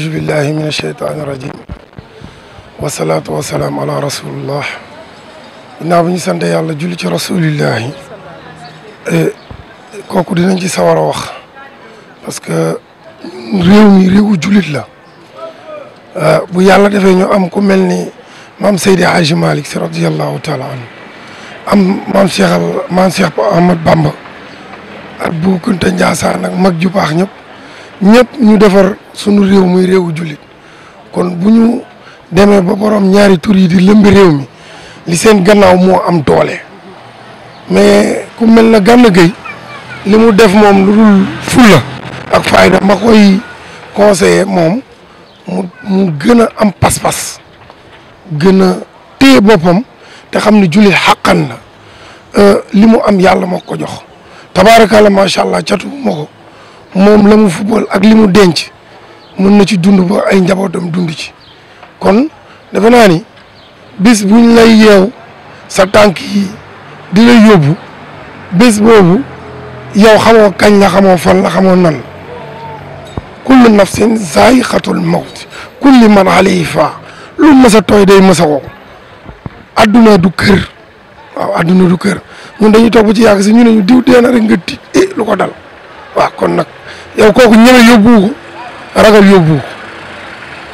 أعوذ بالله من الشيطان الرجيم والصلاة والسلام على رسول الله إنا بني سند يا الله جل رسول الله إيه، كوكو دينا نجي سوار واخ باسكو ريومي ريو جوليت لا آه، بو يالا ديفاي ньо ام كو ملني مام سيدي حاج مالك رضي الله تعالى عنه ام مام شيخ مام شيخ احمد بامبا بو كنت نجاسا نك ماك جوباخ ньоب ньоب ني ديفار sunu réew muy réewu jullit kon bu ñu demee ba borom ñaari tur yi di réew mi li seen gannaaw moo am doole mais ku mel na Gana Gueye li mu def moom lu dul fulla ak fayda ma koy conseiller moom mu mu gën a am pas-pas gën a boppam te xam ne jullit xàqan la euh, li mu am yàlla moo ko jox tabaaraka la macha allah catu ma moom la mu football ak li mu denc mën na ci dund ba ay njabootam dund ci kon defe naa ni bis buñ lay yeew sa tànk yi di lay yóbbu bis boobu yow xamoo kañ la xamoo fan la xamoo nan la kullu nafsin zaa'iqatul mawt kulli man alayhi faa lu mës a tooy day mës a wow adduna du kër waaw adduna du kër ñun dañuy toog ba ci yàgg si ñu ne ñu diw dee na rek nga tiit eh, lu ko dal waaw kon nag yow kooku ñeme yóbbu ragal yobbu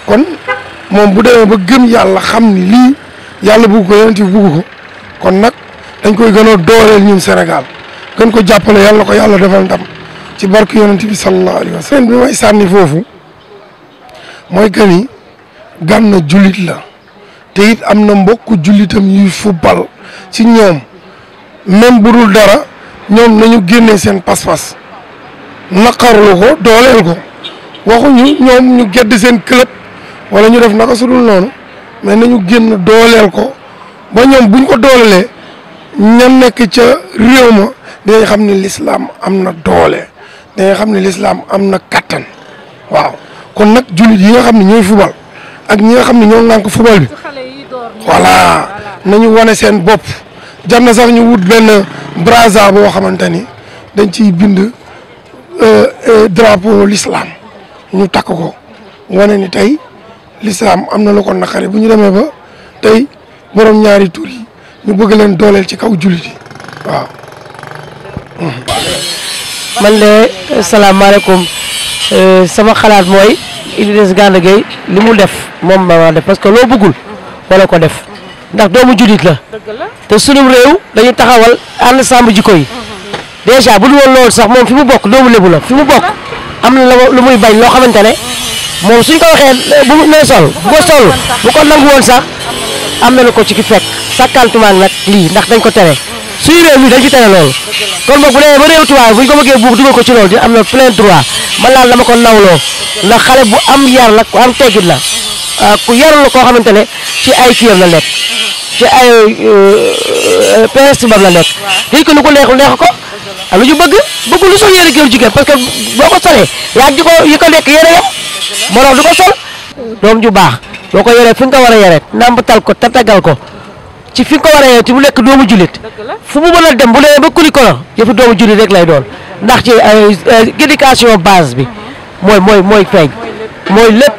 kon mom bu demee ba gem yalla xamni li yalla bu ko yonenti bu ko kon nak dañ koy gën doorel ñun senegal gën ko jappale yalla ko yalla defal ndam ci barku yonenti bi sallallahu alaihi wasallam bi may sanni fofu moy gani ni julit la te it am mbokk julitam jullitam football ci ñom même burul dara ñom nañu génnee sen pass pass naqarlu ko dolel ko waxuñu ñoom ñu gedd seen club wala ñu def naka sudul noonu mais nañu génn dooleel ko ba ñoom buñ ko doolelee ña nekk ca réew ma dañuy xam ne lislaam am na doole dañuy xam ne lislaam am na kattan waaw kon nag jullit yi nga xam ne ñooy fubal ak ñi nga xam ne ñoo ngànk fubal bi voilà nañu wane seen bopp jar na sax ñu wut benn brassard boo xamante ni dañ ci bind euh, euh, drapeau l'islam ñu takk ko wane ni tey lislaam am na lu ko naqare bu ñu demee ba tey borom ñaari tur ñu bëgg leen dooleel ci kaw jullit yi waaw. Hmm. man de salaamaaleykum euh, sama xalaat mooy Idriss Gana Gueye li mu def moom ma def parce que loo bëggul wala ko def ndax doomu jullit la te sunum réew dañu taxawal ànd sàmm jikko yi hmm. déjà bu dul woon loolu sax moom fi mu bokk doomu lébu la fi mu bokk. am na lu muy bañ loo xamante ne moom ñu ko waxee bu mu nee sol bu ko sol bu ko nangu woon sax am na lu ko ci ki fekk sàkkantumaan nag lii ndax dañ ko tere suñu réew mi dañ ci tere loolu kon boog bu dee ba réew tubaab bu ñu ko bëggee buub dugal ko ci loolu di am na plein droit man laal dama ko nawloo ndax xale bu am yar la ku am teggit la ku yarul la koo xamante ne ci ay kiyam la nekk ci ay euh, euh, PS tubaab la nekk. waaw ko nu ko lu ñu bëgg bëggul lu sol yére góor jigéen parce que boo ko solee yaa ngi ko yi ko nekk yére yam moo tax du ko sol doom ju baax boo ko yoree fi nga ko war a yoree nàmbatal ko tatagal ko ci fi ko war a yoree ci bu nekk doomu jullit fu mu mën a dem bu lee ba kuli kono yëfu doomu jullit rek lay doon ndax ci éducation base bi mooy mooy mooy feeñ mooy lépp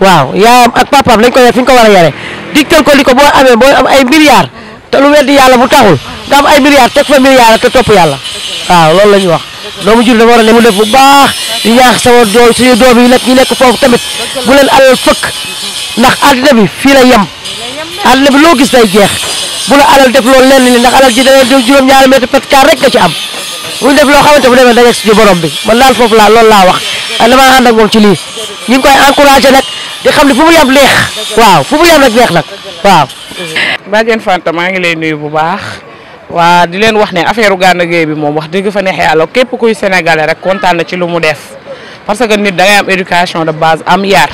waaw yaayam ak papaam lañ ko yore fi nga ko war a yoree digtal ko li ko boo amee boo am ay milliards te lu weddi yàlla bu taxul nga am ay milliards teg fa milliards yàlla waaw loolu la ñuy wax doomu jur dafa war a ne mu def bu baax di yaax sama doo suñu doom yi nekk ñu nekk foofu tamit bu leen alal fëkk ndax àddina bi fii la yem àddina bi loo gis day jeex bu la alal def loolu lenn li ndax alal ji dana juróom-ñaari mètre pet kaar rek nga ci am bu ñu def loo xamante bu demee dajeeg suñu bi man daal foofu laa loolu laa wax a ah, damaa ànd ak moom ci lii ñu ngi koy encouragé nag di xam ne fu mu yem neex waaw fu mu yem rek waa di leen wax ne affaire Gana Gueye bi moom wax dëgg fa neex yàlla képp kuy sénégalais rek kontaan na ci lu mu def parce que nit dangay am éducation de base am yar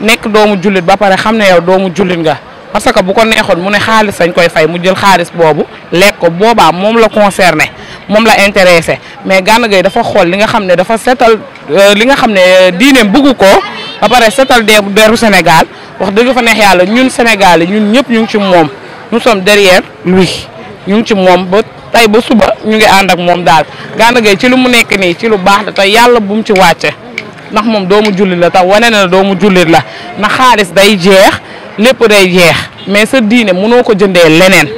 nekk doomu jullit ba pare xam ne yow doomu jullit nga parce que bu ko neexoon mu ne xaalis sañ koy fay mu jël xaalis boobu lekk ko boobaa moom la concerné moom la intéressé mais Gana Gueye dafa xool li nga xam ne dafa seetal euh, li nga xam ne diineem bëggu ko ba pare setal de deru Sénégal wax dëgg fa neex yàlla ñun Sénégal yi ñëpp ñu ngi ci moom nous ñu ngi ci moom ba tey ba suba ñu ngi ànd ak moom daal Gana Gueye ci lu mu nekk nii ci lu baax la te yàlla bu ci wàcce ndax moom doomu jullit la tax wane na doomu jullit la na xaalis day jeex lépp day jeex mais sa diine mënoo ko jëndee leneen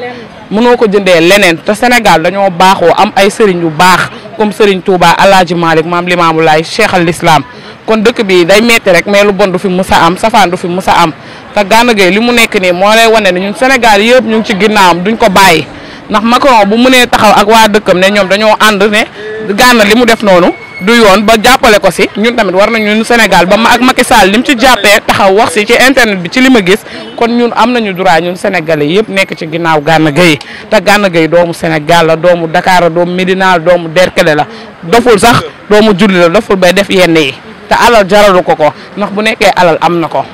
mënoo ko jëndee leneen te Sénégal dañoo baaxoo am ay sëriñ yu baax comme sëriñ Touba Alaaji Malick maam Limaamu Laay Cheikh al Islam kon dëkk bi day metti rek mais lu bon du fi mus a am safaan du fi mus a am te Gana Gueye li mu nekk nii moo lay wane ne Sénégal yëpp ñu ci ginnaawam duñ ko bàyyi ndax Macron bu mënee taxaw ak waa dëkkam ne ñoom dañoo ànd ne Gana li mu def noonu du yoon ba jàppale ko si ñun tamit war nañu ñun senegal ba ma ak Macky Sall li mu ci jàppee taxaw wax si ci internet bi ci li ma gis kon ñun am nañu droit ñun sénégalais yëpp nekk ci ginnaaw gànna Gueye te Gana Gueye doomu Sénégal la doomu dakaar la doomu Médina la doomu Derkele la doful sax doomu julli la doful bay def yenn yi te alal jaralu ko ko ndax bu nekkee alal am na ko.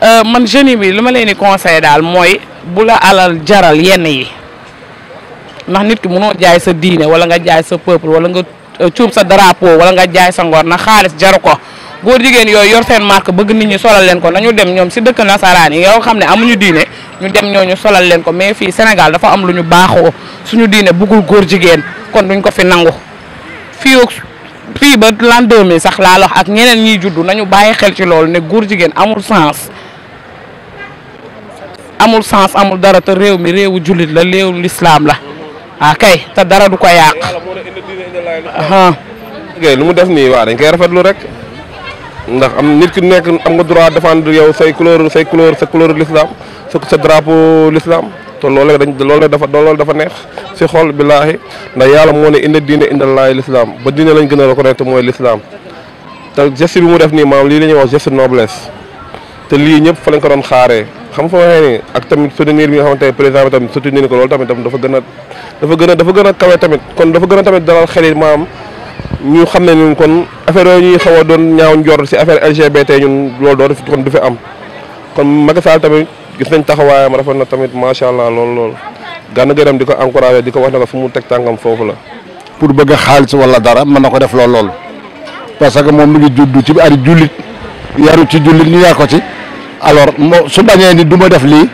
Euh, man jeune bi li ma leen di conseillé daal mooy bu la alal jaral yenn yi ndax nit ki mënoo jaay sa diine wala nga jaay sa peuple wala nga euh, cuub sa drapeau wala nga jaay sa ngor na xaalis jaru ko góor jigéen yooyu yor seen marque bëgg nit ñi solal leen ko nañu dem ñoom si dëkk nasaraan yi yoo xam ne amuñu diine ñu dem ñoo ñu solal leen ko mais fii Sénégal dafa am lu ñu baaxoo suñu diine bëggul góor jigéen kon duñ ko fi nangu fii fii ba l'an 2000 sax laa wax ak ñeneen ñiy juddu nañu bàyyi xel ci loolu ne góor jigéen amul sens amul sens amul dara te rew mi réewu julit la réewu l'islam la ah kay ta dara du ko yàq. kay lu mu def nii waaw dañ koy rafetlu rek ndax am nit ki nek am nga droit défendre yow say couleur say couleur sa couleur l'islam sa sa drapeau l'islam to lolé dañ lolé dafa loolu dafa neex si xol billahi nda yalla mo ne inna dinna inna lillahi l'islam ba dinna lañ gëna a reconnaître moy l'islam ta geste bi mu def nii maam li la wax geste noblesse te li ñepp fa lañ ko doon xaaree xam fa waxe ni ak tamit soutenir mi nga xamante ne président bi tamit soutenir ko lol tamit dafa gëna dafa gëna dafa gëna kawé tamit kon dafa gëna tamit dalal xel maam ñu xamné ne ñun kon affaire yo ñuy xawa doon ñaaw njor ci affaire LGBT ñun lol do def kon du fi am kon Macky Sall tamit gis nañ taxaway taxawaayam rafet na tamit ma sha allah lol lol gan gëram diko encourager diko wax na ko fu mu tek tangam fofu la. pour bëgg a xaalis wala dara man nako def lol lol parce que mom mi ngi juddu ci ari julit yaru ci julit ñu yar ko ci alors su bañé ni duma def li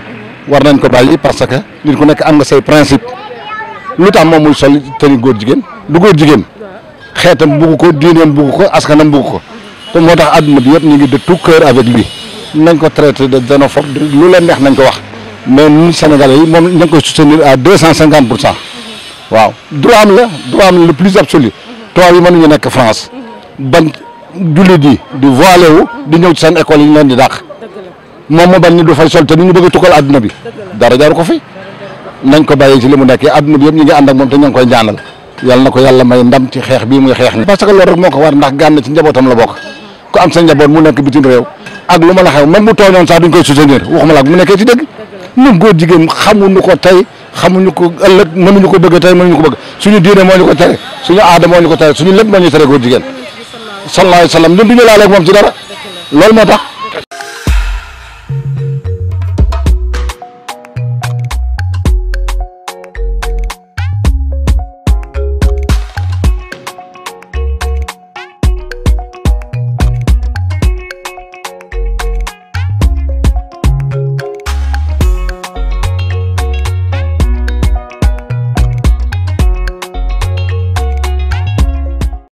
war nañ ko bayyi parce que nit ku nek am nga say principe lutam mom muy sol tëni goor jigen du goor jigen xétam bu ko diineem bu ko askanam bu ko ko motax aduna bi yépp ñi ngi de tout cœur avec lui nañ ko traiter de xénophobe lu leen neex nañ ko wax mais ñun sénégalais yi moom ña soutenir à 250% waaw droit am la droit am le plus absolu tubaab yi ñu nek France ban jullit yi di voilé wu di ñew ci sen école yi ñu leen di dakh moom mu bañ ni du fay sol te ni ñu bëgg tukkal adduna bi dara jaru ko fi nañ ko bàyyi ci li mu nekkee adduna bi yëpp ñu ngi ànd ak moom ñu ngi koy ñaanal yàlla na ko yàlla may ndam ci xeex bii muy xeex ni parce ko war ndax gànn ci ma la xew même bu tooñoon sax duñ koy soutenir waxuma moo ñu ko tere suñu ñu ko tere suñu lépp moo ñu tere góor jigéen sallallahu alayhi wa sallam ñun duñu moom ci dara loolu moo tax